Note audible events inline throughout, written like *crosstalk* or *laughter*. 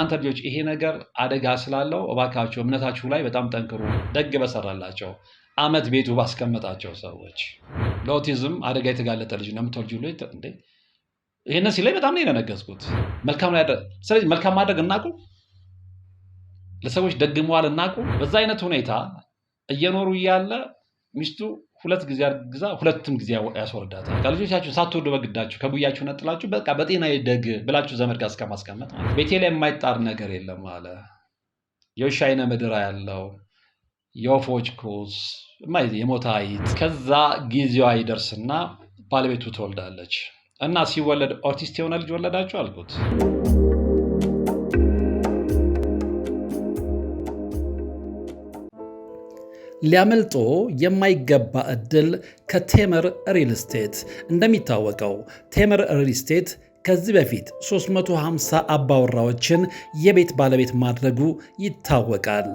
እናንተ ልጆች ይሄ ነገር አደጋ ስላለው እባካችሁ እምነታችሁ ላይ በጣም ጠንክሩ። ደግ በሰራላቸው አመት ቤቱ ባስቀመጣቸው ሰዎች ለኦቲዝም አደጋ የተጋለጠ ልጅ ነው የምትወልጂው ልጅ እንዴ! ይህን ሲለኝ በጣም ነው የነገዝኩት። ስለዚህ መልካም ማድረግ እናቁ፣ ለሰዎች ደግመዋል መዋል እናቁ። በዛ አይነት ሁኔታ እየኖሩ እያለ ሚስቱ ሁለት ጊዜ አርግዛ ሁለትም ጊዜ ያስወርዳታል። ከልጆቻችሁ ሳትወዱ በግዳችሁ ከጉያችሁ ነጥላችሁ በቃ በጤና ደግ ብላችሁ ዘመድ ጋር እስከማስቀመጥ ማለት ቤቴ ላይ የማይጣር ነገር የለም አለ። የውሻ አይነ ያለው የወፎች ኩስ የሞታ አይት። ከዛ ጊዜዋ ይደርስና ባለቤቱ ትወልዳለች እና ሲወለድ ኦቲስት የሆነ ልጅ ወለዳችሁ አልኩት። ሊያመልጦ የማይገባ እድል ከቴምር ሪል ስቴት። እንደሚታወቀው ቴምር ሪል ስቴት ከዚህ በፊት 350 አባወራዎችን የቤት ባለቤት ማድረጉ ይታወቃል።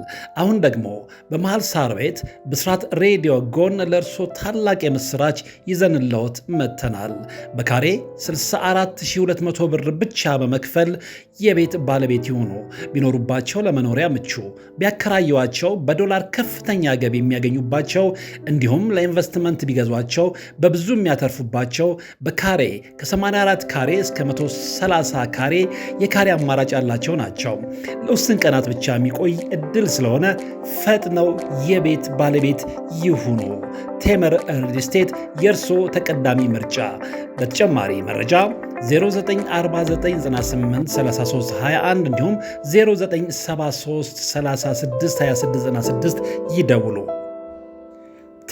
አሁን ደግሞ በመሃል ሳር ቤት ብስራት ሬዲዮ ጎን ለእርሶ ታላቅ የምስራች ይዘንለዎት መጥተናል። በካሬ 64200 ብር ብቻ በመክፈል የቤት ባለቤት ይሆኑ። ቢኖሩባቸው ለመኖሪያ ምቹ፣ ቢያከራየዋቸው በዶላር ከፍተኛ ገቢ የሚያገኙባቸው፣ እንዲሁም ለኢንቨስትመንት ቢገዟቸው በብዙ የሚያተርፉባቸው በካሬ ከ84 ካሬ እስከ 130 ካሬ የካሬ አማራጭ ያላቸው ናቸው። ለውስን ቀናት ብቻ የሚቆይ እድል ስለሆነ ፈጥነው የቤት ባለቤት ይሁኑ። ቴመር ሪል ስቴት የእርስዎ ተቀዳሚ ምርጫ። በተጨማሪ መረጃ 0949983321 እንዲሁም 0973362696 ይደውሉ።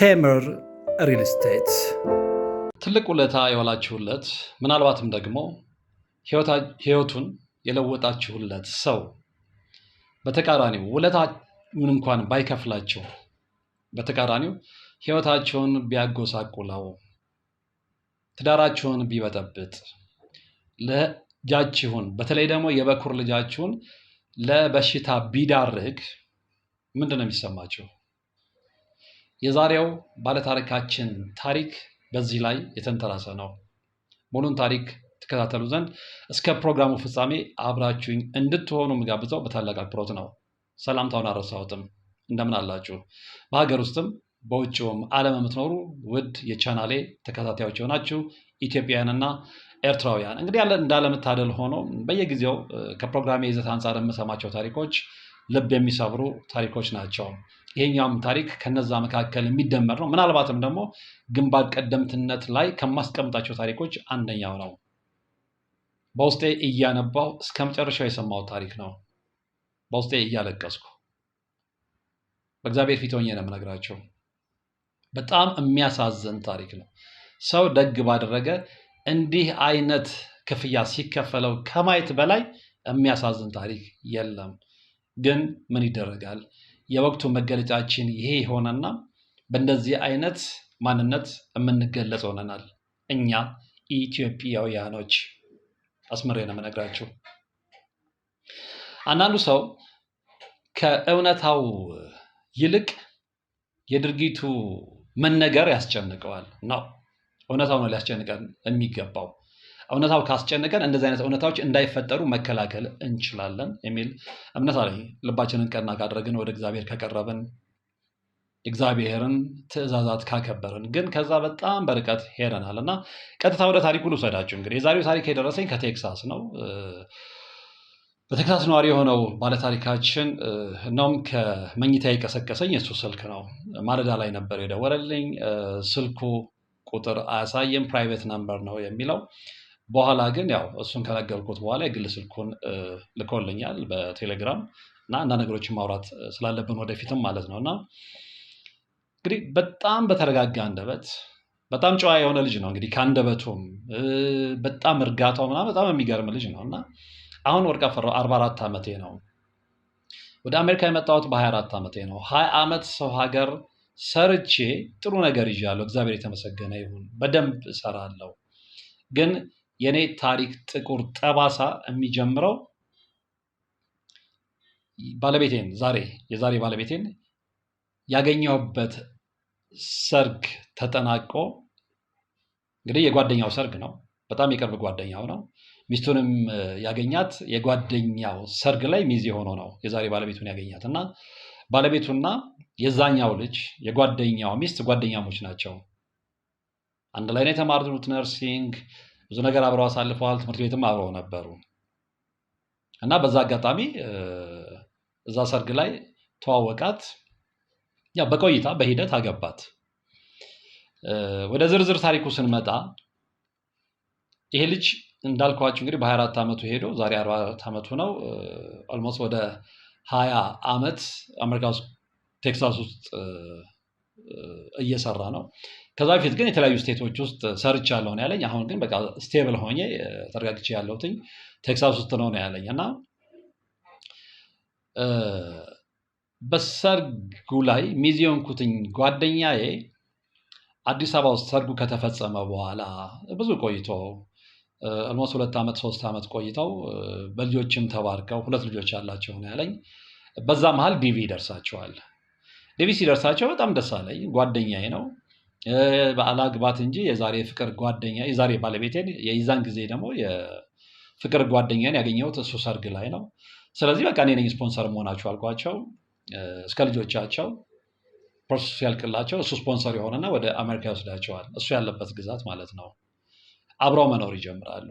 ቴምር ሪል ስቴት ትልቅ ውለታ የዋላችሁለት ምናልባትም ደግሞ ህይወቱን የለወጣችሁለት ሰው በተቃራኒው ውለታውን እንኳን ባይከፍላቸው በተቃራኒው ህይወታቸውን ቢያጎሳቁለው ትዳራቸውን ቢበጠብጥ ልጃችሁን በተለይ ደግሞ የበኩር ልጃችሁን ለበሽታ ቢዳርግ ምንድን ነው የሚሰማችሁ? የዛሬው ባለታሪካችን ታሪክ በዚህ ላይ የተንተራሰ ነው። ሙሉን ታሪክ ተከታተሉ ዘንድ እስከ ፕሮግራሙ ፍጻሜ አብራችሁኝ እንድትሆኑ የምጋብዘው በታላቅ አክብሮት ነው። ሰላምታውን አረሳሁትም። እንደምን አላችሁ? በሀገር ውስጥም በውጭውም ዓለም የምትኖሩ ውድ የቻናሌ ተከታታዮች የሆናችሁ ኢትዮጵያውያንና ኤርትራውያን እንግዲህ እንዳለመታደል ሆኖ በየጊዜው ከፕሮግራሜ ይዘት አንጻር የምሰማቸው ታሪኮች ልብ የሚሰብሩ ታሪኮች ናቸው። ይሄኛውም ታሪክ ከነዛ መካከል የሚደመር ነው። ምናልባትም ደግሞ ግንባር ቀደምትነት ላይ ከማስቀምጣቸው ታሪኮች አንደኛው ነው። በውስጤ እያነባው እስከ መጨረሻው የሰማው ታሪክ ነው። በውስጤ እያለቀስኩ በእግዚአብሔር ፊት ሆኜ ነው የምነግራቸው። በጣም የሚያሳዝን ታሪክ ነው። ሰው ደግ ባደረገ እንዲህ አይነት ክፍያ ሲከፈለው ከማየት በላይ የሚያሳዝን ታሪክ የለም። ግን ምን ይደረጋል? የወቅቱ መገለጫችን ይሄ የሆነና በእንደዚህ አይነት ማንነት የምንገለጽ ሆነናል። እኛ ኢትዮጵያውያኖች አስምሬ ነው የምነግራችሁ። አንዳንዱ ሰው ከእውነታው ይልቅ የድርጊቱ መነገር ያስጨንቀዋል ነው እውነታው ነው ሊያስጨንቀን የሚገባው። እውነታው ካስጨነቀን እንደዚህ አይነት እውነታዎች እንዳይፈጠሩ መከላከል እንችላለን የሚል እምነት አለ። ልባችንን ቀና ካደረግን፣ ወደ እግዚአብሔር ከቀረብን፣ እግዚአብሔርን ትእዛዛት ካከበርን ግን ከዛ በጣም በርቀት ሄደናል እና ቀጥታ ወደ ታሪኩ ልውሰዳችሁ። እንግዲህ የዛሬው ታሪክ የደረሰኝ ከቴክሳስ ነው። በቴክሳስ ነዋሪ የሆነው ባለታሪካችን እናም ከመኝታ የቀሰቀሰኝ የእሱ ስልክ ነው። ማለዳ ላይ ነበር የደወለልኝ። ስልኩ ቁጥር አያሳየም፣ ፕራይቬት ነምበር ነው የሚለው በኋላ ግን ያው እሱን ከነገርኩት በኋላ የግል ስልኩን ልኮልኛል በቴሌግራም እና አንዳንድ ነገሮችን ማውራት ስላለብን ወደፊትም ማለት ነው እና እንግዲህ በጣም በተረጋጋ አንደበት በጣም ጨዋ የሆነ ልጅ ነው። እንግዲህ ከአንደበቱም በጣም እርጋታው ምና በጣም የሚገርም ልጅ ነው እና አሁን ወርቅ ፈራው አርባ አራት ዓመቴ ነው። ወደ አሜሪካ የመጣሁት በሀያ አራት ዓመቴ ነው። ሀያ ዓመት ሰው ሀገር ሰርቼ ጥሩ ነገር ይዣለሁ። እግዚአብሔር የተመሰገነ ይሁን። በደንብ እሰራለሁ ግን የኔ ታሪክ ጥቁር ጠባሳ የሚጀምረው ባለቤቴን ዛሬ የዛሬ ባለቤቴን ያገኘሁበት ሰርግ ተጠናቆ እንግዲህ የጓደኛው ሰርግ ነው። በጣም የቅርብ ጓደኛው ነው። ሚስቱንም ያገኛት የጓደኛው ሰርግ ላይ ሚዜ ሆኖ ነው የዛሬ ባለቤቱን ያገኛት እና ባለቤቱና የዛኛው ልጅ የጓደኛው ሚስት ጓደኛሞች ናቸው። አንድ ላይ ነው የተማሩት ነርሲንግ ብዙ ነገር አብረው አሳልፈዋል። ትምህርት ቤትም አብረው ነበሩ እና በዛ አጋጣሚ እዛ ሰርግ ላይ ተዋወቃት። ያው በቆይታ በሂደት አገባት። ወደ ዝርዝር ታሪኩ ስንመጣ ይሄ ልጅ እንዳልከዋቸው እንግዲህ በ24 ዓመቱ ሄዶ ዛሬ 44 ዓመቱ ነው። ኦልሞስት ወደ 20 ዓመት አሜሪካ ውስጥ ቴክሳስ ውስጥ እየሰራ ነው። ከዛ በፊት ግን የተለያዩ ስቴቶች ውስጥ ሰርቻለሁ ነው ያለኝ። አሁን ግን በቃ ስቴብል ሆኜ ተረጋግቼ ያለሁትኝ ቴክሳስ ውስጥ ነው ነው ያለኝ እና በሰርጉ ላይ ሚዜ ኩትኝ ጓደኛዬ አዲስ አበባ ውስጥ ሰርጉ ከተፈጸመ በኋላ ብዙ ቆይቶ አልሞስት ሁለት ዓመት ሶስት ዓመት ቆይተው በልጆችም ተባርከው ሁለት ልጆች ያላቸው ነው ያለኝ። በዛ መሀል ዲቪ ይደርሳቸዋል። ዲቪ ሲደርሳቸው በጣም ደስ አለኝ። ጓደኛዬ ነው ባላግባት እንጂ የዛሬ ፍቅር ጓደኛ የዛሬ ባለቤቴን የዛን ጊዜ ደግሞ የፍቅር ጓደኛን ያገኘሁት እሱ ሰርግ ላይ ነው። ስለዚህ በቃ እኔ ነኝ ስፖንሰር መሆናቸው አልኳቸው። እስከ ልጆቻቸው ፕሮሰስ ሲያልቅላቸው እሱ ስፖንሰር የሆነና ወደ አሜሪካ ይወስዳቸዋል። እሱ ያለበት ግዛት ማለት ነው። አብረው መኖር ይጀምራሉ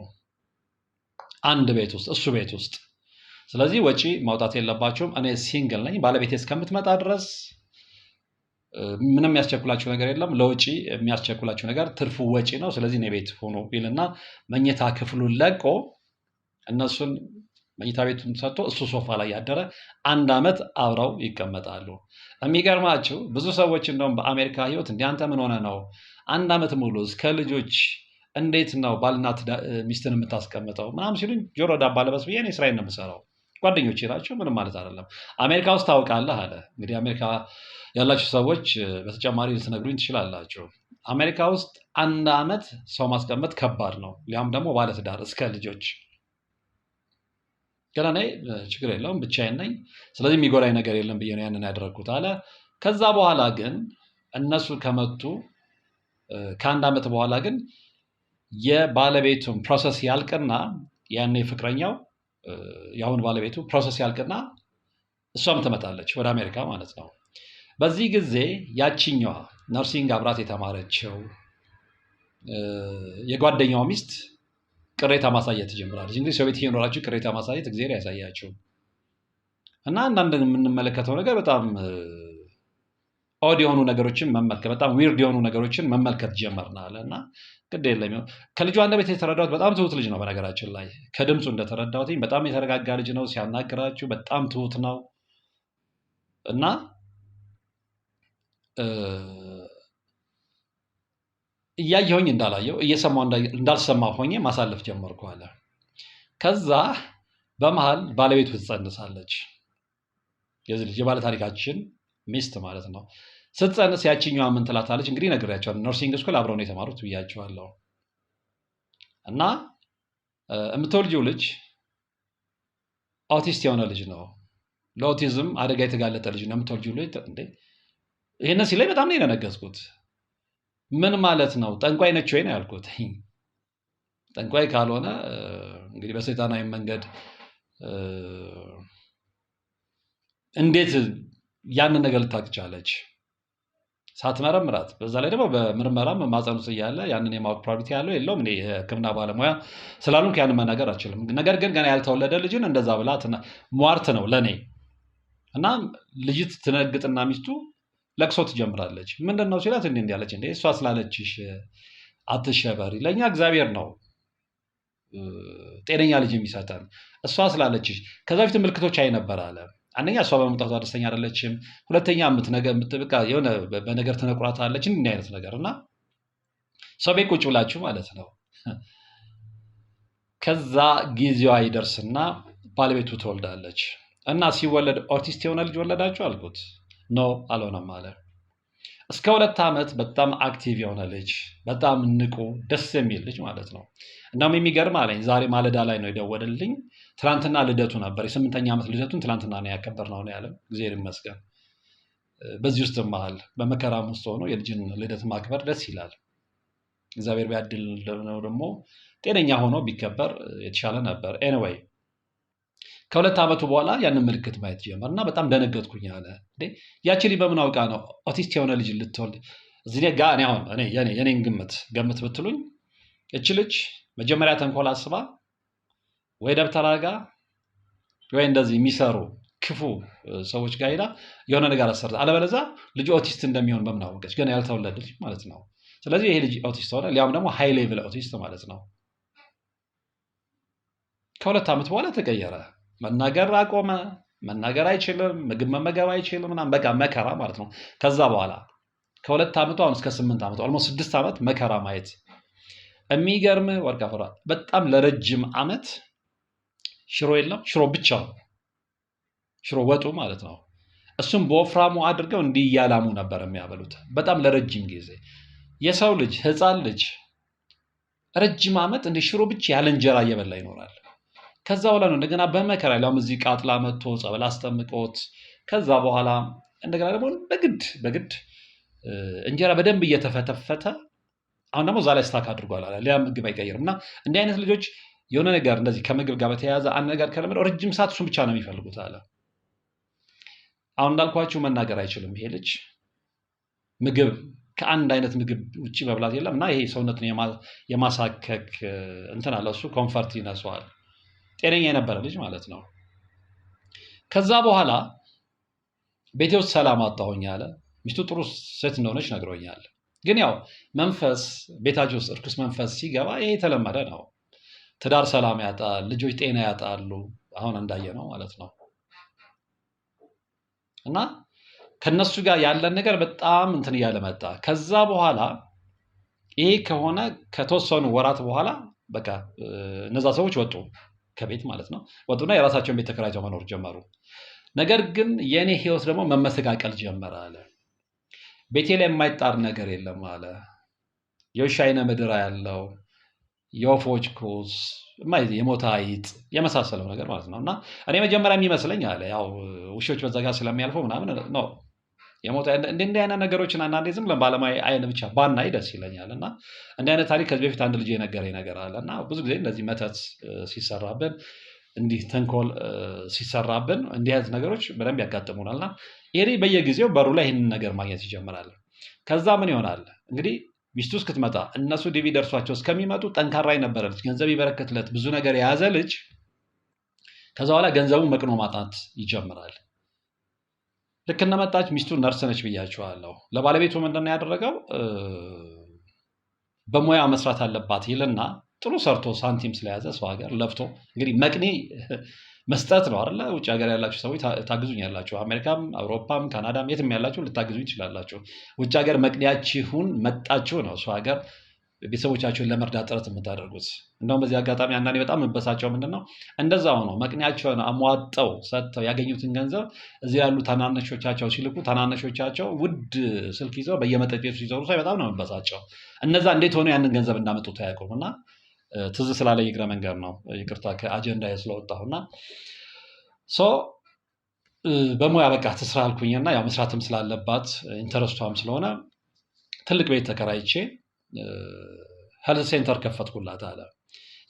አንድ ቤት ውስጥ እሱ ቤት ውስጥ። ስለዚህ ወጪ ማውጣት የለባቸውም። እኔ ሲንግል ነኝ። ባለቤቴ እስከምትመጣ ድረስ ምንም የሚያስቸኩላቸው ነገር የለም። ለውጪ የሚያስቸኩላቸው ነገር ትርፉ ወጪ ነው። ስለዚህ እኔ ቤት ሆኖ ይልና መኝታ ክፍሉን ለቆ እነሱን መኝታ ቤቱን ሰጥቶ እሱ ሶፋ ላይ ያደረ አንድ ዓመት አብረው ይቀመጣሉ። የሚገርማችሁ ብዙ ሰዎች እንደውም በአሜሪካ ህይወት እንዲያንተ ምን ሆነ ነው አንድ ዓመት ሙሉ እስከ ልጆች እንዴት ነው ባልና ሚስትን የምታስቀምጠው ምናምን ሲሉኝ ጆሮ ዳባ ልበስ ብዬ እኔ ስራዬን ነው የምሰራው። ጓደኞቼ ናቸው፣ ምንም ማለት አይደለም። አሜሪካ ውስጥ ታውቃለህ አለ። እንግዲህ አሜሪካ ያላችሁ ሰዎች በተጨማሪ ልትነግሩኝ ትችላላችሁ። አሜሪካ ውስጥ አንድ አመት ሰው ማስቀመጥ ከባድ ነው፣ ሊያም ደግሞ ባለትዳር እስከ ልጆች። ገና እኔ ችግር የለውም ብቻዬን ነኝ፣ ስለዚህ የሚጎዳኝ ነገር የለም ብዬ ነው ያንን ያደረግኩት አለ። ከዛ በኋላ ግን እነሱ ከመጡ ከአንድ አመት በኋላ ግን የባለቤቱን ፕሮሰስ ያልቅና ያኔ ፍቅረኛው የአሁን ባለቤቱ ፕሮሰስ ያልቅና እሷም ትመጣለች ወደ አሜሪካ ማለት ነው። በዚህ ጊዜ ያቺኛዋ ነርሲንግ አብራት የተማረችው የጓደኛዋ ሚስት ቅሬታ ማሳየት ትጀምራለች። እንግዲህ ሰው ቤት የኖራችሁ ቅሬታ ማሳየት እግዜር ያሳያችሁ እና አንዳንድ የምንመለከተው ነገር በጣም ኦድ የሆኑ ነገሮችን መመልከት በጣም ዊርድ የሆኑ ነገሮችን መመልከት ጀመርናል እና ግድ የለም። ከልጁ አንደበት የተረዳሁት በጣም ትሁት ልጅ ነው። በነገራችን ላይ ከድምፁ እንደተረዳሁት በጣም የተረጋጋ ልጅ ነው። ሲያናግራችሁ በጣም ትሁት ነው እና እያየሁኝ እንዳላየው እየሰማሁ እንዳልሰማ ሆኜ ማሳለፍ ጀመርኩ አለ። ከዛ በመሀል ባለቤቱ ትጸንሳለች። የዚህ ልጅ የባለታሪካችን ሚስት ማለት ነው። ስትጸንስ ያችኛዋ ምን ትላታለች? እንግዲህ ነግሬያቸዋል። ኖርሲንግ ስኩል አብረው ነው የተማሩት ብያቸዋለሁ። እና የምትወልጂው ልጅ ኦቲስት የሆነ ልጅ ነው፣ ለኦቲዝም አደጋ የተጋለጠ ልጅ ነው የምትወልጂው ልጅ። እንዴ ይህን ሲለኝ በጣም ነው የነገዝኩት ምን ማለት ነው? ጠንቋይ ነች ወይ ነው ያልኩት። *laughs* ጠንቋይ ካልሆነ እንግዲህ በሰይጣናዊ መንገድ እንዴት ያንን ነገር ልታቅቻለች? ሳትመረምራት በዛ ላይ ደግሞ በምርመራ ማፀን ውስጥ እያለ ያንን የማወቅ ፕራዮሪቲ ያለው የለውም። እኔ ሕክምና ባለሙያ ስላሉን ያንን መናገር አልችልም። ነገር ግን ገና ያልተወለደ ልጅን እንደዛ ብላ ሟርት ነው ለእኔ እና ልጅት ትነግጥና ሚስቱ ለቅሶ ትጀምራለች። ምንድን ነው ሲላት እንዲህ እንዲህ አለች። እንደ እሷ ስላለችሽ አትሸበሪ፣ ለእኛ እግዚአብሔር ነው ጤነኛ ልጅ የሚሰጠን እሷ ስላለችሽ። ከዛ በፊት ምልክቶች አይነበር አለ አንደኛ እሷ በመምጣቷ ደስተኛ አይደለችም። ሁለተኛ የሆነ በነገር ትነቁራታለች። እንዲህ አይነት ነገር እና ሰው ቤት ቁጭ ብላችሁ ማለት ነው። ከዛ ጊዜዋ ይደርስና ባለቤቱ ትወልዳለች እና ሲወለድ ኦቲስት የሆነ ልጅ ወለዳችሁ አልኩት። ኖ አልሆነም አለ። እስከ ሁለት ዓመት በጣም አክቲቭ የሆነ ልጅ በጣም ንቁ ደስ የሚል ልጅ ማለት ነው። እናም የሚገርም አለኝ ዛሬ ማለዳ ላይ ነው የደወልልኝ። ትናንትና ልደቱ ነበር፣ የስምንተኛ ዓመት ልደቱን ትናንትና ነው ያከበርነው ነው ያለ። እግዚአብሔር ይመስገን። በዚህ ውስጥ መሃል በመከራም ውስጥ ሆኖ የልጅን ልደት ማክበር ደስ ይላል። እግዚአብሔር ቢያድል ነው ደግሞ ጤነኛ ሆኖ ቢከበር የተሻለ ነበር። ኤኒዌይ ከሁለት ዓመቱ በኋላ ያንን ምልክት ማየት ጀመር እና በጣም ደነገጥኩኝ አለ። ያቺ በምን አውቃ ነው ኦቲስት የሆነ ልጅ ልትወልድ? እዚህ ጋ እኔ አሁን የኔን ግምት ገምት ብትሉኝ እች ልጅ መጀመሪያ ተንኮል አስባ ወይ ደብተራ ጋ ወይ እንደዚህ የሚሰሩ ክፉ ሰዎች ጋር ሄዳ የሆነ ነገር አሰር፣ አለበለዛ ልጅ ኦቲስት እንደሚሆን በምን አወቀች? ገና ያልተወለደ ልጅ ማለት ነው። ስለዚህ ይሄ ልጅ ኦቲስት ሆነ፣ ሊያውም ደግሞ ሃይ ሌቭል ኦቲስት ማለት ነው። ከሁለት ዓመት በኋላ ተቀየረ። መናገር አቆመ፣ መናገር አይችልም፣ ምግብ መመገብ አይችልም፣ ምናምን በቃ መከራ ማለት ነው። ከዛ በኋላ ከሁለት ዓመቱ አሁን እስከ ስምንት ዓመቱ አልሞ ስድስት ዓመት መከራ ማየት የሚገርም ወርቅ አፈራ። በጣም ለረጅም ዓመት ሽሮ የለም፣ ሽሮ ብቻ ነው፣ ሽሮ ወጡ ማለት ነው። እሱም በወፍራሙ አድርገው እንዲህ እያላሙ ነበር የሚያበሉት በጣም ለረጅም ጊዜ። የሰው ልጅ ህፃን ልጅ ረጅም ዓመት እንደ ሽሮ ብቻ ያለ እንጀራ እየበላ ይኖራል። ከዛ በኋላ ነው እንደገና በመከራ ላም እዚህ ቃጥላ መጥቶ ጸበል አስጠምቆት ከዛ በኋላ እንደገና ደግሞ በግድ በግድ እንጀራ በደንብ እየተፈተፈተ አሁን ደግሞ እዛ ላይ ስታክ አድርጓል አለ። ሌላ ምግብ አይቀይርም። እና እንዲህ አይነት ልጆች የሆነ ነገር እንደዚህ ከምግብ ጋር በተያያዘ አንድ ነገር ከለመደው ረጅም ሰዓት እሱን ብቻ ነው የሚፈልጉት አለ። አሁን እንዳልኳቸው መናገር አይችልም ይሄ ልጅ ምግብ ከአንድ አይነት ምግብ ውጭ መብላት የለም እና ይሄ ሰውነትን የማሳከክ እንትን አለ። እሱ ኮንፈርት ይነሰዋል። ጤነኛ የነበረ ልጅ ማለት ነው። ከዛ በኋላ ቤቴ ውስጥ ሰላም አጣሁኝ አለ። ሚስቱ ጥሩ ሴት እንደሆነች ነግሮኛል። ግን ያው መንፈስ ቤታቸው ውስጥ እርኩስ መንፈስ ሲገባ ይሄ የተለመደ ነው። ትዳር ሰላም ያጣል፣ ልጆች ጤና ያጣሉ። አሁን እንዳየ ነው ማለት ነው። እና ከነሱ ጋር ያለን ነገር በጣም እንትን እያለ መጣ። ከዛ በኋላ ይሄ ከሆነ ከተወሰኑ ወራት በኋላ በቃ እነዛ ሰዎች ወጡ። ከቤት ማለት ነው ወጡና የራሳቸውን ቤት ተከራይተው መኖር ጀመሩ። ነገር ግን የእኔ ህይወት ደግሞ መመሰቃቀል ጀመረ አለ። ቤቴ ላይ የማይጣር ነገር የለም አለ። የውሻ አይነ ምድር ያለው የወፎች ኩስ፣ የሞተ አይጥ የመሳሰለው ነገር ማለት ነው። እና እኔ መጀመሪያ የሚመስለኝ አለ ያው ውሾች በዛ ጋር ስለሚያልፈው ምናምን ነው የሞት እንዲህ አይነት ነገሮችን አንዳንዴ ዝም ባለማይ አይን ብቻ ባናይ ደስ ይለኛል። እና እንዲህ አይነት ታሪክ ከዚህ በፊት አንድ ልጅ የነገረኝ ነገር አለ እና ብዙ ጊዜ እንደዚህ መተት ሲሰራብን፣ እንዲህ ተንኮል ሲሰራብን እንዲህ አይነት ነገሮች በደንብ ያጋጥሙናል። እና ይሄ በየጊዜው በሩ ላይ ይህንን ነገር ማግኘት ይጀምራል። ከዛ ምን ይሆናል እንግዲህ ሚስቱ እስክትመጣ እነሱ ዲቪ ደርሷቸው እስከሚመጡ ጠንካራ የነበረ ልጅ ገንዘብ ይበረከትለት ብዙ ነገር የያዘ ልጅ ከዛ በኋላ ገንዘቡ መቅኖ ማጣት ይጀምራል። ልክ እንደመጣች ሚስቱ ነርስ ነች ብያቸዋለሁ። ለባለቤቱ ምንድን ነው ያደረገው? በሙያ መስራት አለባት ይልና ጥሩ ሰርቶ ሳንቲም ስለያዘ ሰው ሀገር ለፍቶ እንግዲህ መቅኔ መስጠት ነው አለ። ውጭ ሀገር ያላችሁ ሰዎች ታግዙኝ ያላችሁ፣ አሜሪካም፣ አውሮፓም፣ ካናዳም የትም ያላችሁ ልታግዙኝ ትችላላችሁ። ውጭ ሀገር መቅኔያችሁን መጣችሁ ነው ሰው ሀገር ቤተሰቦቻቸውን ለመርዳት ጥረት የምታደርጉት። እንደውም በዚህ አጋጣሚ አንዳንዴ በጣም የምበሳቸው ምንድን ነው እንደዛ ሆኖ መቅኔያቸውን አሟጠው ሰጥተው ያገኙትን ገንዘብ እዚህ ያሉ ታናነሾቻቸው ሲልኩ ታናነሾቻቸው ውድ ስልክ ይዘው በየመጠጥ ቤቱ ሲዞሩ ሳይ በጣም ነው የምበሳቸው። እነዛ እንዴት ሆኖ ያንን ገንዘብ እንዳመጡት አያውቁም። እና ትዝ ስላለ ይግረ መንገድ ነው ይቅርታ ከአጀንዳ ስለወጣሁ እና በሙያ በቃ ትስራ አልኩኝና ያው መስራትም ስላለባት ኢንተረስቷም ስለሆነ ትልቅ ቤት ተከራይቼ ሄልዝ ሴንተር ከፈትኩላት አለ።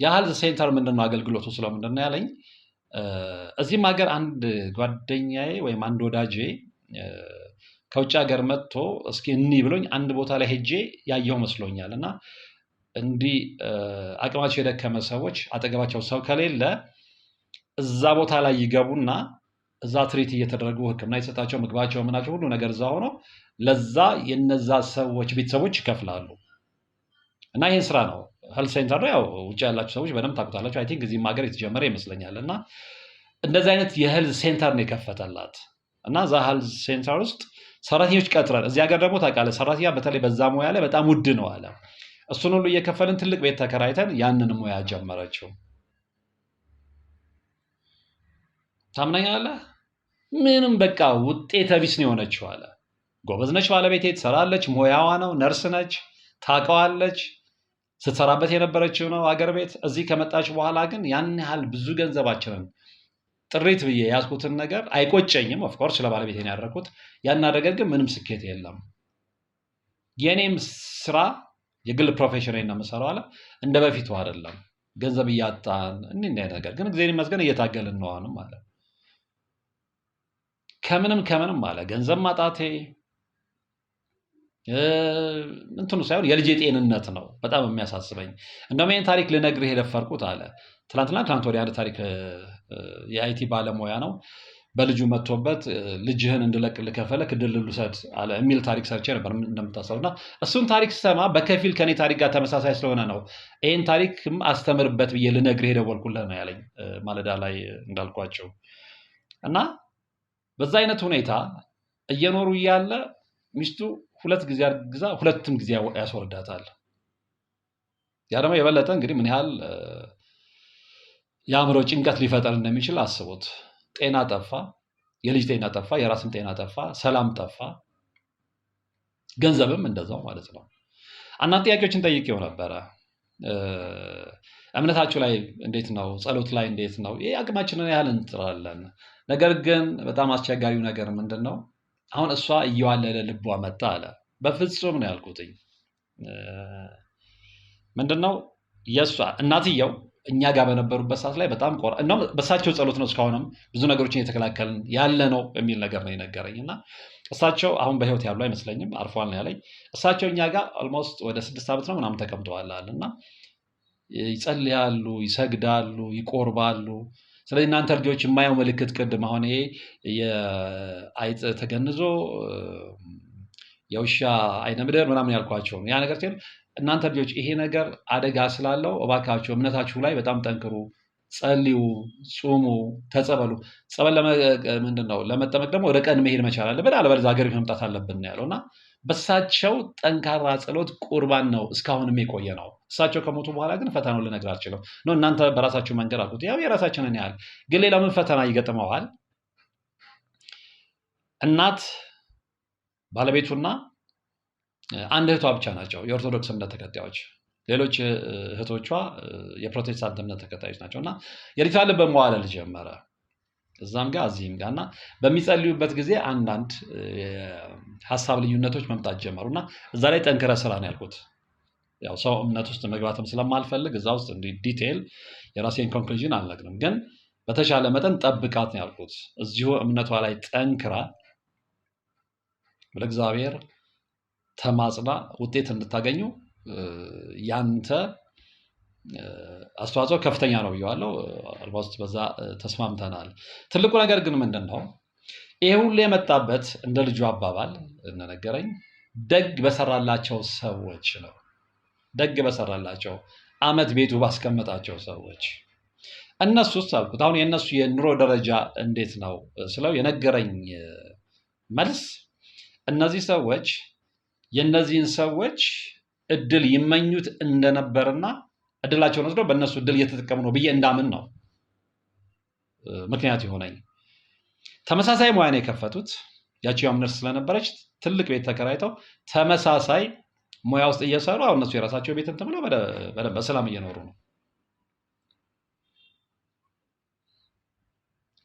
ያ ሄልዝ ሴንተር ነው አገልግሎቱ ነው ያለኝ። እዚህም ሀገር አንድ ጓደኛዬ ወይም አንድ ወዳጄ ከውጭ ሀገር መጥቶ እስኪ እኒ ብሎኝ አንድ ቦታ ላይ ሄጄ ያየው መስሎኛል። እና እንዲህ አቅማቸው የደከመ ሰዎች አጠገባቸው ሰው ከሌለ እዛ ቦታ ላይ ይገቡና እዛ ትሪት እየተደረጉ ህክምና የሰጣቸው ምግባቸው ምናቸው ሁሉ ነገር እዛ ሆኖ ለዛ የነዛ ሰዎች ቤተሰቦች ይከፍላሉ። እና ይህን ስራ ነው ሄልት ሴንተር ያው ውጭ ያላችሁ ሰዎች በደንብ ታውቁታላችሁ። አይ ቲንክ እዚህም ሀገር የተጀመረ ይመስለኛል። እና እንደዚህ አይነት የሄልት ሴንተር ነው የከፈተላት እና እዛ ሄልት ሴንተር ውስጥ ሰራተኞች ቀጥረን፣ እዚህ ሀገር ደግሞ ታውቃለህ ሰራተኛ በተለይ በዛ ሙያ ላይ በጣም ውድ ነው አለ። እሱን ሁሉ እየከፈልን ትልቅ ቤት ተከራይተን ያንን ሙያ ጀመረችው። ታምናኛለህ? ምንም በቃ ውጤተ ቢስ ነው የሆነችው አለ። ጎበዝ ነች፣ ባለቤቴ ትሰራለች፣ ሙያዋ ነው፣ ነርስ ነች፣ ታውቀዋለች ስትሰራበት የነበረችው ነው አገር ቤት። እዚህ ከመጣች በኋላ ግን ያን ያህል ብዙ ገንዘባችንን ጥሪት ብዬ የያዝኩትን ነገር አይቆጨኝም። ኦፍኮርስ ለባለቤቴን ያደረኩት ያን ነገር ግን ምንም ስኬት የለም። የእኔም ስራ የግል ፕሮፌሽን ነው የምሰራው አለ እንደ በፊቱ አይደለም። ገንዘብ እያጣን እንዲ ነገር ግን ጊዜ መስገን እየታገልን ነው አለ ከምንም ከምንም አለ ገንዘብ ማጣቴ እንትኑ ሳይሆን የልጄ ጤንነት ነው በጣም የሚያሳስበኝ። እንደውም ይህን ታሪክ ልነግርህ የደፈርኩት አለ ትላንትና ትላንት ወዲያ አንድ ታሪክ የአይቲ ባለሙያ ነው በልጁ መጥቶበት ልጅህን እንድለቅ ልከፈለ ክድል ልውሰድ አለ የሚል ታሪክ ሰርቼ ነበር እንደምታሰቡ እና እሱን ታሪክ ስሰማ በከፊል ከኔ ታሪክ ጋር ተመሳሳይ ስለሆነ ነው ይህን ታሪክም አስተምርበት ብዬ ልነግርህ የደወልኩልህ ነው ያለኝ ማለዳ ላይ እንዳልኳቸው እና በዛ አይነት ሁኔታ እየኖሩ እያለ ሚስቱ ሁለት ጊዜ አርግዛ ሁለትም ጊዜ ያስወርዳታል። ያ ደግሞ የበለጠ እንግዲህ ምን ያህል የአእምሮ ጭንቀት ሊፈጠር እንደሚችል አስቡት። ጤና ጠፋ፣ የልጅ ጤና ጠፋ፣ የራስም ጤና ጠፋ፣ ሰላም ጠፋ፣ ገንዘብም እንደዛው ማለት ነው። አንዳንድ ጥያቄዎችን ጠይቄው ነበረ። እምነታችሁ ላይ እንዴት ነው? ጸሎት ላይ እንዴት ነው? ይህ አቅማችንን ያህል እንጥራለን። ነገር ግን በጣም አስቸጋሪው ነገር ምንድን ነው አሁን እሷ እየዋለለ ልቧ መጣ አለ። በፍጹም ነው ያልኩትኝ። ምንድነው የእሷ እናትየው እኛ ጋር በነበሩበት ሰዓት ላይ በጣም ቆራ እና በእሳቸው ጸሎት ነው እስካሁንም ብዙ ነገሮችን እየተከላከልን ያለ ነው የሚል ነገር ነው የነገረኝ። እና እሳቸው አሁን በህይወት ያሉ አይመስለኝም፣ አርፏል ነው ያለኝ። እሳቸው እኛ ጋር ኦልሞስት ወደ ስድስት ዓመት ነው ምናምን ተቀምጠዋል እና ይጸልያሉ፣ ይሰግዳሉ፣ ይቆርባሉ ስለዚህ እናንተ ልጆች የማየው ምልክት ቅድም አሁን ይሄ የአይጥ ተገንዞ የውሻ አይነ ምድር ምናምን ያልኳቸው ያ ነገር ሲሆን እናንተ ልጆች ይሄ ነገር አደጋ ስላለው እባካቸው እምነታችሁ ላይ በጣም ጠንክሩ፣ ጸልዩ፣ ጹሙ፣ ተጸበሉ። ጸበል ምንድን ነው? ለመጠመቅ ደግሞ ርቀን መሄድ መቻል አለብን፣ አለበለዚያ ሀገር መምጣት አለብን ያለው እና በሳቸው ጠንካራ ጸሎት ቁርባን ነው እስካሁንም የቆየ ነው። እሳቸው ከሞቱ በኋላ ግን ፈተናውን ልነግር አልችልም ነው እናንተ በራሳችሁ መንገድ አልኩት። ያው የራሳችንን ያህል ግን ሌላ ምን ፈተና ይገጥመዋል? እናት ባለቤቱና አንድ እህቷ ብቻ ናቸው የኦርቶዶክስ እምነት ተከታዮች። ሌሎች እህቶቿ የፕሮቴስታንት እምነት ተከታዮች ናቸው እና የሪታ ልብ መዋለል ጀመረ እዛም ጋር እዚህም ጋር እና በሚጸልዩበት ጊዜ አንዳንድ ሀሳብ ልዩነቶች መምጣት ጀመሩ እና እዛ ላይ ጠንክረ ስራ ነው ያልኩት። ያው ሰው እምነት ውስጥ መግባትም ስለማልፈልግ እዛ ውስጥ እንዲህ ዲቴል የራሴን ኮንክሉዥን አልነግርም። ግን በተሻለ መጠን ጠብቃት ያልኩት። እዚሁ እምነቷ ላይ ጠንክራ ለእግዚአብሔር ተማጽና ውጤት እንድታገኙ ያንተ አስተዋጽኦ ከፍተኛ ነው ብየዋለው። አልባውስጥ በዛ ተስማምተናል። ትልቁ ነገር ግን ምንድን ነው ይህ ሁሉ የመጣበት እንደ ልጁ አባባል እንደነገረኝ ደግ በሰራላቸው ሰዎች ነው። ደግ በሰራላቸው አመት ቤቱ ባስቀመጣቸው ሰዎች ውስጥ አልኩት። አሁን የእነሱ የኑሮ ደረጃ እንዴት ነው ስለው የነገረኝ መልስ እነዚህ ሰዎች የእነዚህን ሰዎች እድል ይመኙት እንደነበርና እድላቸውን ወስደው በእነሱ እድል እየተጠቀሙ ነው ብዬ እንዳምን ነው ምክንያት የሆነኝ። ተመሳሳይ ሙያ ነው የከፈቱት። ያቺ ያም ስለነበረች ትልቅ ቤት ተከራይተው ተመሳሳይ ሙያ ውስጥ እየሰሩ አሁን እነሱ የራሳቸው ቤት እንትን ብለው በደንብ በሰላም እየኖሩ ነው።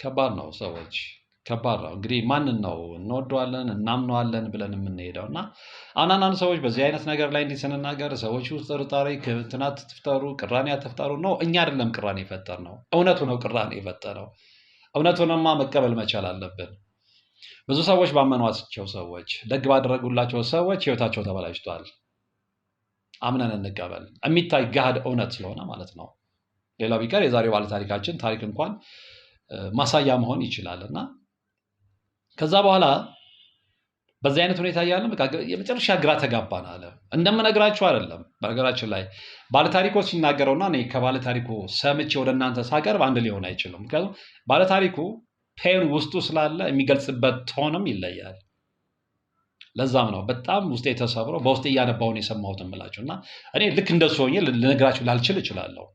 ከባድ ነው። ሰዎች ከባድ ነው። እንግዲህ ማንን ነው እንወደዋለን እናምነዋለን ብለን የምንሄደው እና አሁን አንዳንድ ሰዎች በዚህ አይነት ነገር ላይ እንዲህ ስንናገር ሰዎች ውስጥ ጥርጣሬ ትናት ትፍጠሩ ቅራኔ አትፍጠሩ ነው። እኛ አይደለም ቅራኔ የፈጠር ነው፣ እውነቱ ነው ቅራኔ የፈጠረው። እውነቱንማ መቀበል መቻል አለብን። ብዙ ሰዎች ባመኗቸው ሰዎች፣ ደግ ባደረጉላቸው ሰዎች ህይወታቸው ተበላሽቷል። አምነን እንቀበል የሚታይ ጋድ እውነት ስለሆነ ማለት ነው። ሌላ ቢቀር የዛሬ ባለታሪካችን ታሪክ እንኳን ማሳያ መሆን ይችላል እና ከዛ በኋላ በዚህ አይነት ሁኔታ እያለ የመጨረሻ ግራ ተጋባን አለ። እንደምነግራችሁ አይደለም። በነገራችን ላይ ባለታሪኮ ሲናገረውና እኔ ከባለታሪኩ ሰምቼ ወደ እናንተ ሳቀርብ አንድ ሊሆን አይችልም። ምክንያቱም ባለታሪኩ ፔን ውስጡ ስላለ የሚገልጽበት ቶንም ይለያል። ለዛም ነው በጣም ውስጤ የተሰብረው በውስጤ እያነባውን የሰማሁት የምላችሁ እና እኔ ልክ እንደሱ ሆኜ ልነግራችሁ ላልችል እችላለሁ።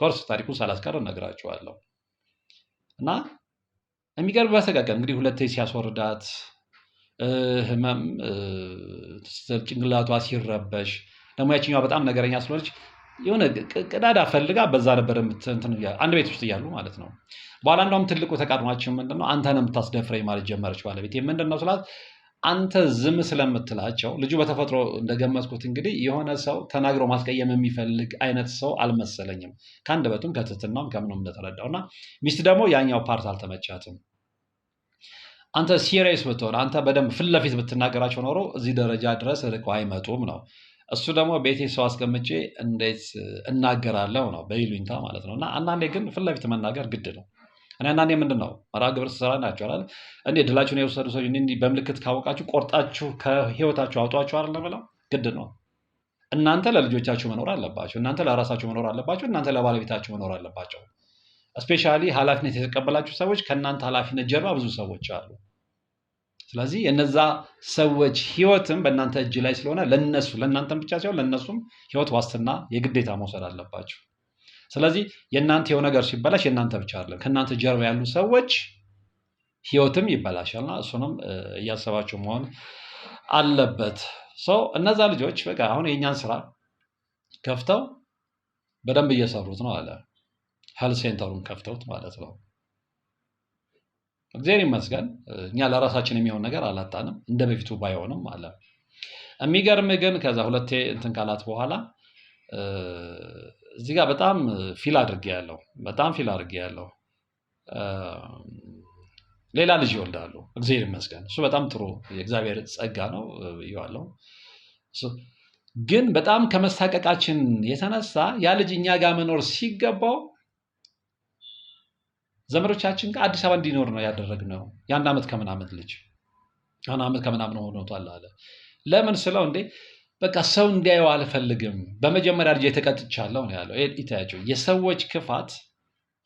ኮርስ ታሪኩን ሳላስቀር እነግራችኋለሁ። እና የሚገርም በተጋቀም እንግዲህ ሁለቴ ሲያስወርዳት ህመም ጭንቅላቷ ሲረበሽ ደግሞ ያችኛዋ በጣም ነገረኛ ስለሆነች የሆነ ቅዳዳ ፈልጋ በዛ ነበር አንድ ቤት ውስጥ እያሉ ማለት ነው። በኋላ እንደውም ትልቁ ተቃድሟችን ምንድነው አንተ ነው የምታስደፍረኝ ማለት ጀመረች። ባለቤት ምንድነው ስላት አንተ ዝም ስለምትላቸው ልጁ በተፈጥሮ እንደገመጥኩት እንግዲህ የሆነ ሰው ተናግሮ ማስቀየም የሚፈልግ አይነት ሰው አልመሰለኝም። በቱም ከትትናም ከምንም እንደተረዳው እና ሚስት ደግሞ ያኛው ፓርት አልተመቻትም። አንተ ሲሪየስ ብትሆን አንተ በደንብ ፊት ለፊት ብትናገራቸው ኖሮ እዚህ ደረጃ ድረስ ርቆ አይመጡም ነው። እሱ ደግሞ ቤቴ ሰው አስቀምጬ እንዴት እናገራለው ነው፣ በይሉኝታ ማለት ነው። እና አንዳንዴ ግን ፊት ለፊት መናገር ግድ ነው። እና እናኔ ምንድን ነው መራ ግብር ስራ ናቸዋል እንዴ ድላችሁን የወሰዱ ሰዎች እንዲህ በምልክት ካወቃችሁ ቆርጣችሁ ከህይወታችሁ አውጧችሁ አለ ብለው ግድ ነው። እናንተ ለልጆቻችሁ መኖር አለባቸው እናንተ ለራሳችሁ መኖር አለባቸው እናንተ ለባለቤታችሁ መኖር አለባቸው። እስፔሻሊ ኃላፊነት የተቀበላችሁ ሰዎች ከእናንተ ኃላፊነት ጀርባ ብዙ ሰዎች አሉ። ስለዚህ የነዛ ሰዎች ህይወትም በእናንተ እጅ ላይ ስለሆነ ለነሱ ለእናንተም ብቻ ሲሆን ለእነሱም ህይወት ዋስትና የግዴታ መውሰድ አለባቸው። ስለዚህ የእናንተ የሆነ ነገር ሲበላሽ የእናንተ ብቻ አይደለም፣ ከእናንተ ጀርባ ያሉ ሰዎች ህይወትም ይበላሻልና እሱንም እያሰባችሁ መሆን አለበት። ሰው እነዛ ልጆች በቃ አሁን የእኛን ስራ ከፍተው በደንብ እየሰሩት ነው አለ ሄልዝ ሴንተሩን ከፍተውት ማለት ነው። እግዚአብሔር ይመስገን እኛ ለራሳችን የሚሆን ነገር አላጣንም፣ እንደ በፊቱ ባይሆንም አለ። የሚገርም ግን ከዛ ሁለቴ እንትን ካላት በኋላ እዚህ ጋር በጣም ፊል አድርጌ ያለው በጣም ፊል አድርጌ ያለው ሌላ ልጅ ይወልዳሉ። እግዚአብሔር ይመስገን። እሱ በጣም ጥሩ የእግዚአብሔር ጸጋ ነው ይዋለው። ግን በጣም ከመሳቀቃችን የተነሳ ያ ልጅ እኛ ጋር መኖር ሲገባው ዘመዶቻችን ጋር አዲስ አበባ እንዲኖር ነው ያደረግ ነው የአንድ ዓመት ከምናምን ልጅ አንድ ዓመት ከምናምን ሆኖቷል አለ። ለምን ስለው እንዴ በቃ ሰው እንዲያየው አልፈልግም፣ በመጀመሪያ ልጄ የተቀጥቻለሁ ነው ያለው። ይታያቸው የሰዎች ክፋት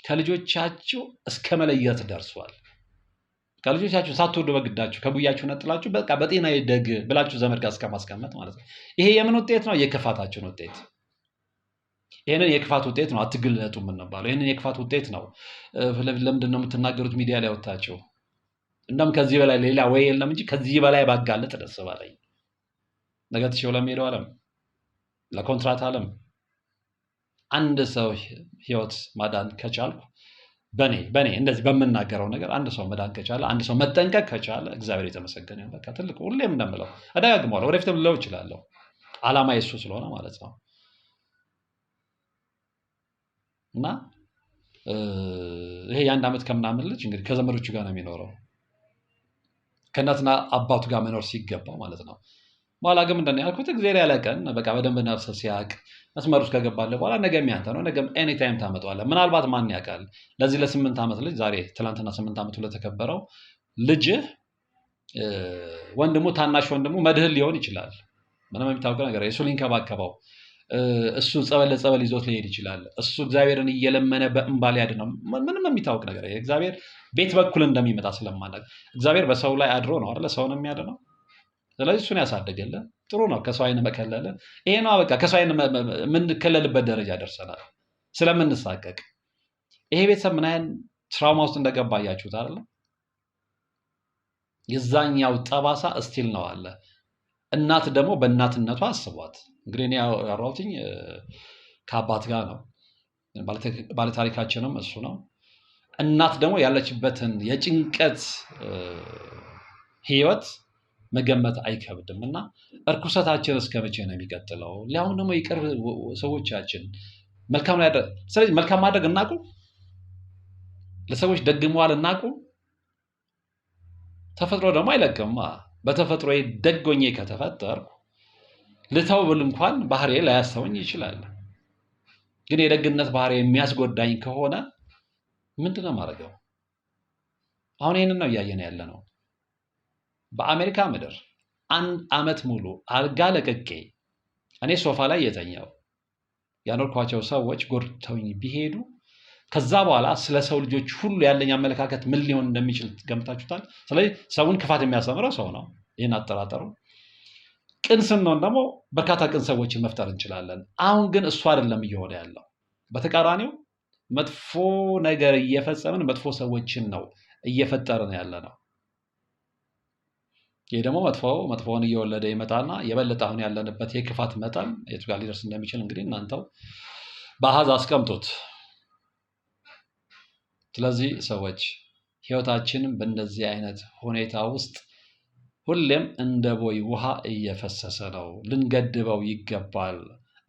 ከልጆቻችሁ እስከ መለየት ደርሷል። ከልጆቻችሁ ሳትወዱ በግዳችሁ ከጉያችሁ ነጥላችሁ በቃ በጤና ይደግ ብላችሁ ዘመድ ጋር እስከማስቀመጥ ማለት ነው። ይሄ የምን ውጤት ነው? የክፋታችሁን ውጤት ይህንን የክፋት ውጤት ነው። አትግለጡ የምንባለው ይህንን የክፋት ውጤት ነው። ለምንድን ነው የምትናገሩት? ሚዲያ ላይ ወታችሁ እንደም ከዚህ በላይ ሌላ ወይ የለም እንጂ ከዚህ በላይ ባጋለጥ ደስ ባለኝ። ነገ ትቼው ለሚሄደው ዓለም ለኮንትራት ዓለም አንድ ሰው ህይወት ማዳን ከቻልኩ በኔ በኔ እንደዚህ በምናገረው ነገር አንድ ሰው መዳን ከቻለ አንድ ሰው መጠንቀቅ ከቻለ እግዚአብሔር የተመሰገነ ይሁን። በቃ ትልቁ ሁሌም እንደምለው እደጋግመዋለሁ፣ ወደፊትም ልለው እችላለሁ። ዓላማ የሱ ስለሆነ ማለት ነው እና ይሄ የአንድ ዓመት ከምናምን ልጅ እንግዲህ ከዘመዶቹ ጋር ነው የሚኖረው ከእናትና አባቱ ጋር መኖር ሲገባው ማለት ነው። በኋላ ግን ምንድን ያልኩት እግዜር ያለቀን በቃ በደንብ ነፍስህ ሲያቅ መስመር ውስጥ ከገባለ በኋላ ነገ ያንተ ነው። ነገ ኤኒታይም ታመጠዋለ። ምናልባት ማን ያውቃል ለዚህ ለስምንት ዓመት ልጅ ዛሬ ትላንትና ስምንት ዓመቱ ለተከበረው ልጅህ ወንድሙ ታናሽ ወንድሙ መድህን ሊሆን ይችላል። ምንም የሚታወቀው ነገር እሱ ሊንከባከበው እሱ ጸበል ለጸበል ይዞት ሊሄድ ይችላል። እሱ እግዚአብሔርን እየለመነ በእንባ ሊያድነው ምንም የሚታወቅ ነገር እግዚአብሔር ቤት በኩል እንደሚመጣ ስለማናውቅ እግዚአብሔር በሰው ላይ አድሮ ነው አለ ሰውን የሚያድነው ስለዚህ እሱን ያሳደገልን ጥሩ ነው። ከሰው አይን ይሄ ነው በቃ ከሰው አይን የምንከለልበት ደረጃ ደርሰናል ስለምንሳቀቅ። ይሄ ቤተሰብ ምን አይነት ትራውማ ውስጥ እንደገባ እያችሁት አለ። የዛኛው ጠባሳ እስቲል ነው አለ። እናት ደግሞ በእናትነቷ አስቧት። እንግዲህ እኔ ያወራሁትኝ ከአባት ጋር ነው። ባለታሪካችንም እሱ ነው። እናት ደግሞ ያለችበትን የጭንቀት ህይወት መገመት አይከብድም እና እርኩሰታችን እስከ መቼ ነው የሚቀጥለው? ሊያሁን ደግሞ የቅርብ ሰዎቻችን መልካም ስለዚህ መልካም ማድረግ እናቁ፣ ለሰዎች ደግመዋል እናቁ። ተፈጥሮ ደግሞ አይለቅም። በተፈጥሮ ደጎኜ ከተፈጠርኩ ልተው ብል እንኳን ባህሪ ላያሰውኝ ይችላል። ግን የደግነት ባህሪ የሚያስጎዳኝ ከሆነ ምንድን ነው ማድረገው? አሁን ይህንን ነው እያየን ያለ ነው። በአሜሪካ ምድር አንድ አመት ሙሉ አልጋ ለቅቄ እኔ ሶፋ ላይ የተኛው ያኖርኳቸው ሰዎች ጎድተውኝ ቢሄዱ ከዛ በኋላ ስለ ሰው ልጆች ሁሉ ያለኝ አመለካከት ምን ሊሆን እንደሚችል ገምታችሁታል። ስለዚህ ሰውን ክፋት የሚያስተምረው ሰው ነው። ይህን አጠራጠሩ። ቅን ስንሆን ደግሞ በርካታ ቅን ሰዎችን መፍጠር እንችላለን። አሁን ግን እሱ አይደለም እየሆነ ያለው። በተቃራኒው መጥፎ ነገር እየፈጸምን መጥፎ ሰዎችን ነው እየፈጠርን ያለ ነው። ይሄ ደግሞ መጥፎ መጥፎውን እየወለደ ይመጣና የበለጠ አሁን ያለንበት የክፋት መጠን የቱ ጋር ሊደርስ እንደሚችል እንግዲህ እናንተው በአሃዝ አስቀምጡት። ስለዚህ ሰዎች ህይወታችንም በእንደዚህ አይነት ሁኔታ ውስጥ ሁሌም እንደ ቦይ ውሃ እየፈሰሰ ነው። ልንገድበው ይገባል።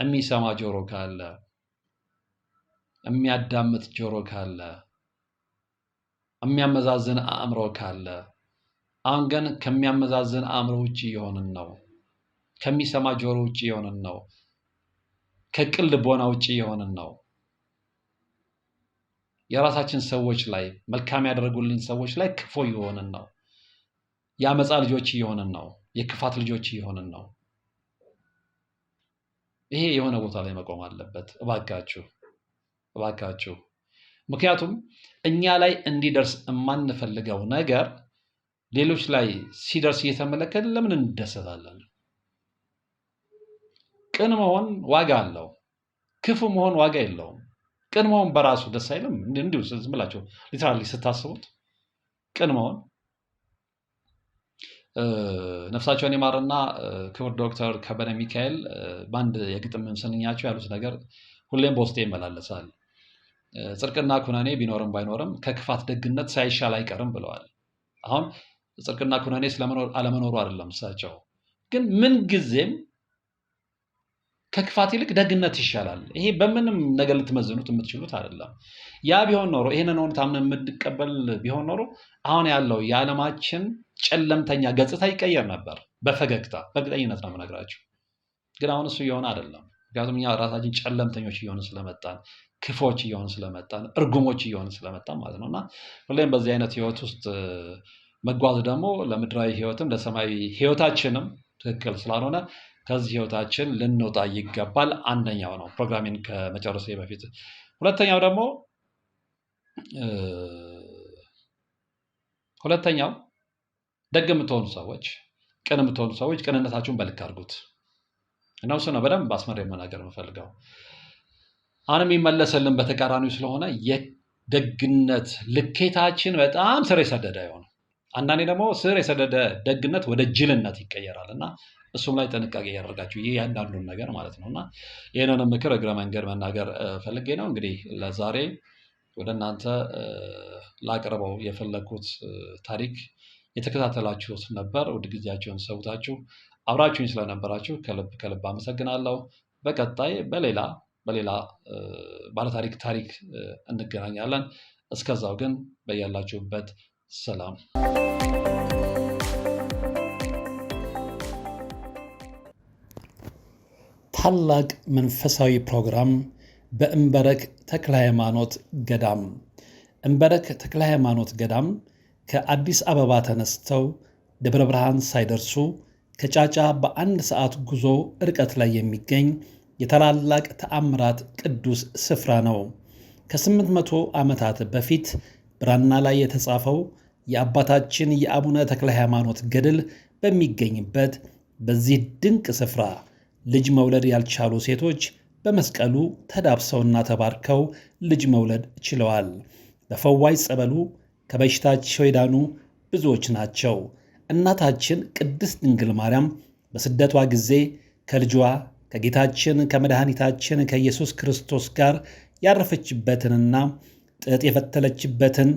የሚሰማ ጆሮ ካለ፣ የሚያዳምጥ ጆሮ ካለ፣ የሚያመዛዝን አእምሮ ካለ አሁን ግን ከሚያመዛዝን አእምሮ ውጭ የሆንን ነው። ከሚሰማ ጆሮ ውጭ የሆንን ነው። ከቅል ልቦና ውጭ የሆንን ነው። የራሳችን ሰዎች ላይ መልካም ያደረጉልን ሰዎች ላይ ክፎ የሆንን ነው። የአመፃ ልጆች የሆንን ነው። የክፋት ልጆች የሆንን ነው። ይሄ የሆነ ቦታ ላይ መቆም አለበት። እባካችሁ እባካችሁ፣ ምክንያቱም እኛ ላይ እንዲደርስ የማንፈልገው ነገር ሌሎች ላይ ሲደርስ እየተመለከትን ለምን እንደሰታለን? ቅን መሆን ዋጋ አለው። ክፉ መሆን ዋጋ የለውም። ቅን መሆን በራሱ ደስ አይልም? እንዲሁ ዝም ብላችሁ ሊትራሊ ስታስቡት ቅን መሆን ነፍሳቸውን የማርና ክቡር ዶክተር ከበደ ሚካኤል በአንድ የግጥም ስንኛቸው ያሉት ነገር ሁሌም በውስጤ ይመላለሳል። ጽድቅና ኩነኔ ቢኖርም ባይኖርም ከክፋት ደግነት ሳይሻል አይቀርም ብለዋል። አሁን ጽድቅና ኩነኔ ስለአለመኖሩ አለመኖሩ አይደለም። እሳቸው ግን ምንጊዜም ከክፋት ይልቅ ደግነት ይሻላል። ይሄ በምንም ነገር ልትመዝኑት የምትችሉት አይደለም። ያ ቢሆን ኖሮ ይህንን እውነት አምነን የምትቀበል ቢሆን ኖሮ አሁን ያለው የዓለማችን ጨለምተኛ ገጽታ ይቀየር ነበር በፈገግታ በእርግጠኝነት ነው የምነግራቸው። ግን አሁን እሱ እየሆነ አይደለም። ምክንያቱም እኛ ራሳችን ጨለምተኞች እየሆን ስለመጣን፣ ክፎች እየሆን ስለመጣን፣ እርጉሞች እየሆን ስለመጣን ማለት ነው እና ሁሌም በዚህ አይነት ህይወት ውስጥ መጓዝ ደግሞ ለምድራዊ ህይወትም ለሰማያዊ ህይወታችንም ትክክል ስላልሆነ ከዚህ ህይወታችን ልንወጣ ይገባል። አንደኛው ነው ፕሮግራሚን ከመጨረሴ በፊት። ሁለተኛው ደግሞ ሁለተኛው ደግ የምትሆኑ ሰዎች፣ ቅን የምትሆኑ ሰዎች ቅንነታችሁን በልክ አድርጉት። እና እሱ ነው በደንብ አስመር መናገር የምፈልገው። አሁን የሚመለስልን በተቃራኒው ስለሆነ የደግነት ልኬታችን በጣም ስር የሰደደ የሆነ አንዳንዴ ደግሞ ስር የሰደደ ደግነት ወደ ጅልነት ይቀየራል እና እሱም ላይ ጥንቃቄ እያደረጋችሁ ይህ ያንዳንዱን ነገር ማለት ነው እና ይህንን ምክር እግረ መንገድ መናገር ፈልጌ ነው። እንግዲህ ለዛሬ ወደ እናንተ ላቅርበው የፈለግኩት ታሪክ የተከታተላችሁት ነበር። ውድ ጊዜያችሁን ሰውታችሁ አብራችሁኝ ስለነበራችሁ ከልብ ከልብ አመሰግናለሁ። በቀጣይ በሌላ በሌላ ባለታሪክ ታሪክ እንገናኛለን። እስከዛው ግን በያላችሁበት ሰላም ታላቅ መንፈሳዊ ፕሮግራም በእምበረክ ተክለ ሃይማኖት ገዳም። እምበረክ ተክለ ሃይማኖት ገዳም ከአዲስ አበባ ተነስተው ደብረ ብርሃን ሳይደርሱ ከጫጫ በአንድ ሰዓት ጉዞ ርቀት ላይ የሚገኝ የታላላቅ ተአምራት ቅዱስ ስፍራ ነው። ከ800 ዓመታት በፊት ብራና ላይ የተጻፈው የአባታችን የአቡነ ተክለ ሃይማኖት ገድል በሚገኝበት በዚህ ድንቅ ስፍራ ልጅ መውለድ ያልቻሉ ሴቶች በመስቀሉ ተዳብሰውና ተባርከው ልጅ መውለድ ችለዋል። በፈዋይ ጸበሉ ከበሽታቸው የዳኑ ብዙዎች ናቸው። እናታችን ቅድስት ድንግል ማርያም በስደቷ ጊዜ ከልጇ ከጌታችን ከመድኃኒታችን ከኢየሱስ ክርስቶስ ጋር ያረፈችበትንና ጥጥ የፈተለችበትን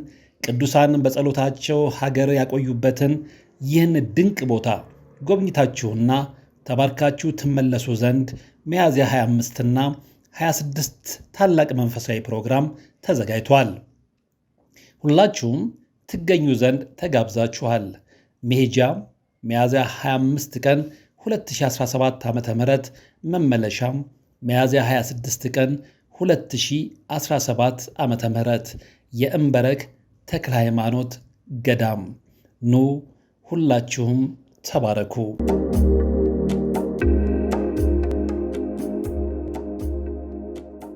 ቅዱሳን በጸሎታቸው ሀገር ያቆዩበትን ይህን ድንቅ ቦታ ጎብኝታችሁና ተባርካችሁ ትመለሱ ዘንድ ሚያዝያ 25ና 26 ታላቅ መንፈሳዊ ፕሮግራም ተዘጋጅቷል። ሁላችሁም ትገኙ ዘንድ ተጋብዛችኋል። መሄጃ ሚያዝያ 25 ቀን 2017 ዓ.ም መመለሻም ሚያዝያ 26 ቀን 2017 ዓ ም የእምበረክ ተክለ ሃይማኖት ገዳም ኑ ሁላችሁም ተባረኩ።